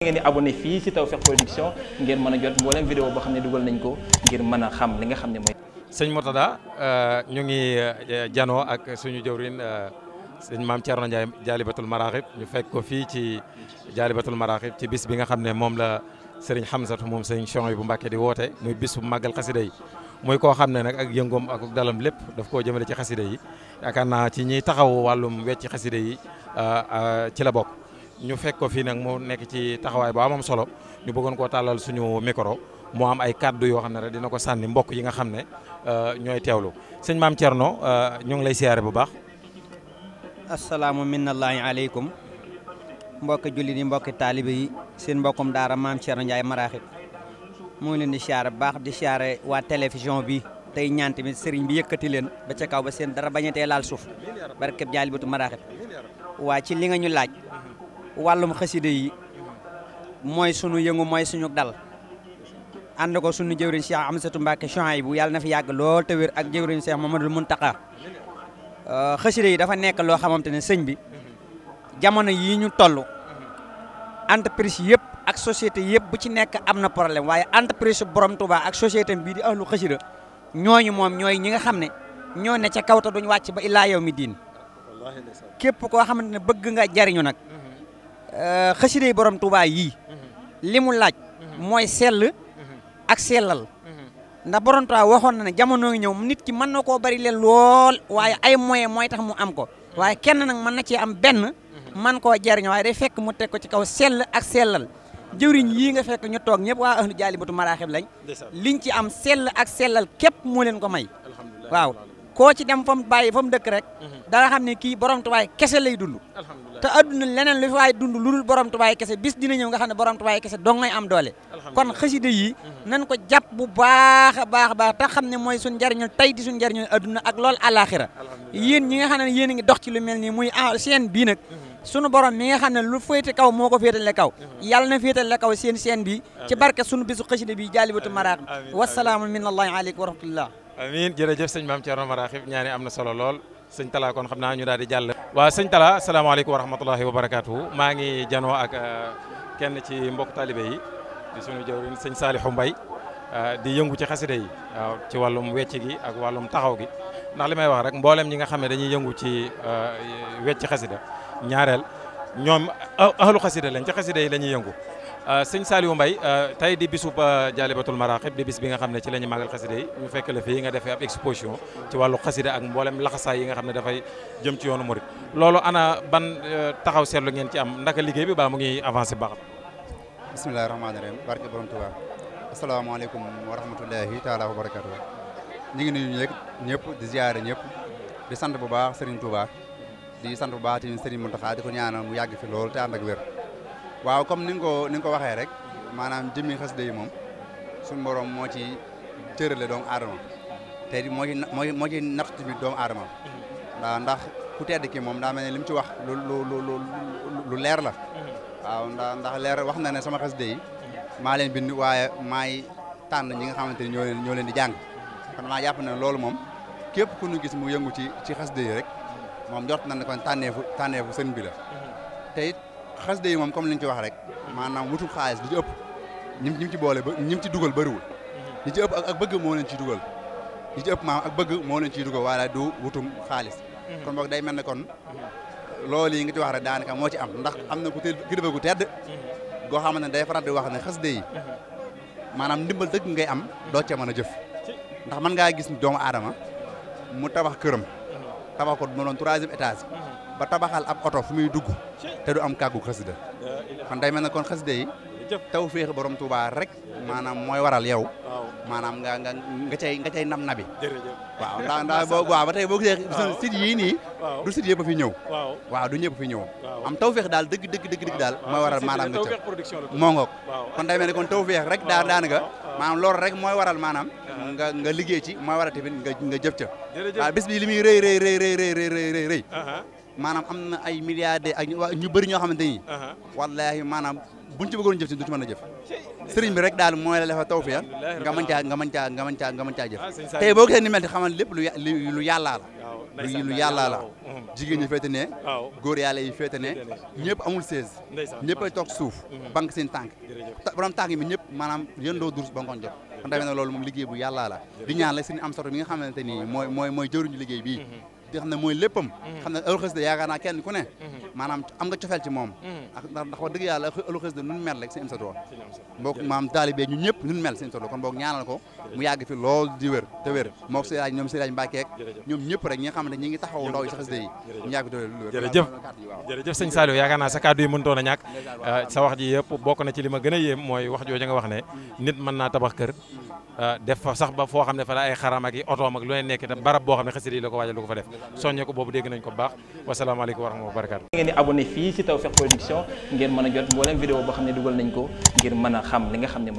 ngeen di abonné fii ci Tawfekh Production ngeen mën a jot mboolem vidéo boo xam ne dugal nañ ko ngir mën a xam li nga xam ne mooy. sëñ Mourtada euh, ñu ngi euh, janoo ak suñu jëwriñ euh, sëñ maam Thierno Ndiaye jaalibatul maraaxib ñu fekk ko fii ci jaalibatul maraaxib ci bis bi nga xam ne moom la sëriñ Hamzatu moom sëriñ Chouaïb bu Mbàkke di woote muy bis bu màggal xasida yi muy koo xam ne nag ak yëngoom ak dalam lépp daf koo jëmale ci xasida yi yaakaar naa ci ñiy taxaw wàllum wecc xasida yi ci la bokk. ñu fekk ko fii nag mu nekk ci taxawaay bu amam solo ñu bëggoon koo tàllal suñu micro moo am ay kàddu yoo xam ne rek dina ko sànni mbokk yi nga xam ne euh, ñooy teewlu sëñ maam Thierno euh, ñu ngi lay siyaare bu baax. asalaamu minallaahi aleykum mbokki jullit yi mbokki taalibe yi seen mbokkum daara maam Thierno Ndiaye maraaxit mu ngi leen di siyaare bu baax di siyaare waa télévision bi. tey ñaan tamit sëriñ bi yëkkati leen ba ca kaw ba seen dara te laal suuf barkeb jaalibatu maraaxib waa wàllum xasida yi mooy sunu yëngu mooy suñu dal ànd ko sunu jëwriñ Cheikh Amsatou Mbacke bu yàlla na fi yàgg lool te wér ak jëwriñ Cheikh Mamadou Mountakha euh, xasida yi dafa nekk loo xamante ne sëñ bi jamono yii ñu toll entreprise yëpp ak société yëpp bu ci nekk am na problème waaye entreprise borom Touba ak société bii di ahlu xasida ñooñu moom ñooy ñi nga xam ne ñoo ne ca kaw te duñ wàcc ba illaa yow mi diin képp koo xamante ne bëgg nga jariñu nag Euh, xasida borom Touba yii li mu laaj mooy sell ak sellal ndax borom Touba waxoon na ne jamono ngi ñëw nit ki mën na koo bari leen lool waaye ay moyen mooy tax mu am ko waaye kenn nag mën na cee am benn man koo jariñoo waaye day fekk mu teg ko ci kaw sell ak sellal jëwriñ yii nga fekk ñu toog ñëpp waa ahlu jaalibatu maraaxib lañ liñ ci am sell ak sellal képp moo leen ko may waaw koo ci dem fa mu bàyyi fa mu dëkk rek mhm. dana xam ne kii borom tubaay kese lay dund te adduna leneen lu fi waay dund lu dul borom tubaay kese bis dina ñëw nga xam ne borom tubaay kese dong ngay am doole kon xasida yi mhm. nan ko jàpp bu baax a baax a baax te xam ne mooy suñ njariñul tey di suñ njariñul adduna ak lool alaxira yéen ñi nga xam ne yéen a ngi dox ci lu mel nii muy seen bii nag mhm. sunu borom mi nga xam ne lu féete kaw moo ko féetale kaw yal na féetale kaw seen seen bi ci barke sunu bisu xasida bi jaalibatu maraax wasalaamu min allahi aleykum wa rahmatullah a jërëjëf sëñ maam Thierno Maraxib ñaani am na solo lool sëñ Talla kon xam naa ñu daal di jàll. waa sëñ Talla salaamaaleykum wa rahmatulahi wa barakaatu maa ngi janoo ak euh, kenn ci mbokk taalibe yi di sunu jawriñ sëñ Saliou Mbaye euh, di yëngu ci xasida yi waaw ci wàllum wecc gi ak wàllum taxaw gi ndax li may wax rek mboolem ñi nga xam ne dañuy yëngu ci euh, wecc xasida ñaareel ñoom ahlu xasida lañ ci xasida yi la ñuy yëngu Euh, sëñ Saliou Mbaye euh, tey di bisub euh, Jaalibatul Maraaxib di bis bi nga xam ne ci la ñu màggal xasida yi ñu fekk la fii nga defee ab exposition ci wàllu xasida ak mboolem laxasaay yi nga xam ne dafay jëm ci yoonu murit loolu ana ban taxaw seetlu ngeen ci am ndaka liggéey bi baa mu ngi avancé baax bismillahi rahmaani rahim barke borom Tuubaa asalaamaaleykum wa rahmatullahi taala wa barakaatu ñu ngi nuyu ñëpp di ziare ñëpp di sant bu baax Serigne Touba di sant bu baax ci Serigne Mountakha di ko ñaanal mu yàgg fi loolu te ànd ak wér waaw comme ni nga ko ni nga ko waxee rek maanaam jëmmi xas yi moom suñu borom moo ci cër tërale doomu aadama te moo ci moo moo ci natt bi doomu aadama ndax ku tedd ki moom daa mel ne li mu ci wax lu leer la waaw ndax ndax leer wax na ne sama xas dey maa leen bind waaye maay tànn ñi nga xamante ni ñoo ñoo leen di jàng xam maa jàpp ne loolu moom képp ku nu gis mu yëngu ci ci xasida yi rek moom jot na ne kon tànneefu tànneefu sëñ bi la xasida yi moom comme li ñu ci wax rek maanaam wutum xaalis li ci ëpp ñi ci boole ba ñi ci dugal bëriwul li ci ëpp ak bëgg moo leen ciy dugal li ci ëpp bëgg moo leen ciy dugal waaye du wutum xaalis mhm. kon boog day mel ne kon loolu yi nga ci wax rek daanaka moo ci am ndax am na ku teel kilifa gu tedd mhm. goo xamante ne day faral di wax ne xasida yi mhm. maanaam ndimbal dëgg ngay am doo ca mën a jëf ndax man ngaa gis doomu aadama mu tabax këram tabax ko mu doon troisième étage ba tabaxal ab oto fu muy dugg te du am kàggu xasida kon day mel ne kon xasida yi taw féex borom Touba rek maanaam mooy waral yow maanaam nga nga nga cay nga cay nam nabi waaw ndax ndax waaw ba tey boo gisee site yii du site yëpp a fi ñëw waaw du ñëpp fi ñëw am taw féex daal dëgg dëgg dëgg dëgg daal mooy waral maanaam nga ca moo ngoog kon kon taw féex rek daa daanaka maanaam loolu rek mooy waral maanaam nga nga liggéey ci maa war a tamit nga nga jëf ca waaw bis bi li muy rëy rëy rëy rëy rëy rëy rëy rëy uh-huh. maanaam am na ay milliards ak ñu ñoo xamante ni uh-huh. wallaahi maanaam buñ ci bëggoon jëf ci du ci mën a jëf sëriñ bi rek daal mooy la dafa taw fiya nga mën caa nga mën caa nga mën caa nga mën caa jëf ah, tey boo gisee ni mel xamal lépp lu lu yàllaa la lu yàllaa la mm-hmm. jigéen ñi féete ne góor yàlla yi féete ne ñëpp amul seize ñëpp ay toog suuf mm-hmm. banque seen tànk borom tànk mi ñëpp maanaam yëndoo durs ba ngoon kon tamit nag loolu moom liggéey bu yàllaa la di ñaan la suñu am soto mi nga xamante ni mooy mooy mooy di xam ne mooy léppam mhm. xam na alxasida yaakaar naa kenn ku ne mhm. maanaam am nga cofeel ci moom mhm. ak ndax wax dëgg yàlla alxasida nun mel rek seen imsatoo mbokk maam taalibee ñu nun mel seen imsatoo kon ñaanal ko mu yàgg fi lool di wér te wér moo sëriñ ñoom sëriñ Mbàkke ñoom ñëpp rek ñi xam ne ñi ngi taxaw ndaw yi si xasida yi sa kàddu yi a ñàkk sa wax ji yëpp bokk na li ma gën a yéem mooy wax jooju nga wax ne mm. nit mën naa tabax kër mm. Euh, def fa sax ba foo xam ne fa la ay xaram ak i otoom ak lu ne nekk itam barab boo xam ne xasida yi la ko waajal lu ko fa def soññe ko boobu dégg nañ ko baax wasalaamaaleykum wa rahmatulah wa barakaatu. ngeen di abonné fii ci Tawfekh Production ngeen mën a jot mboolem vidéo boo xam ne dugal nañ ko ngir mën a xam li nga xam ne mooy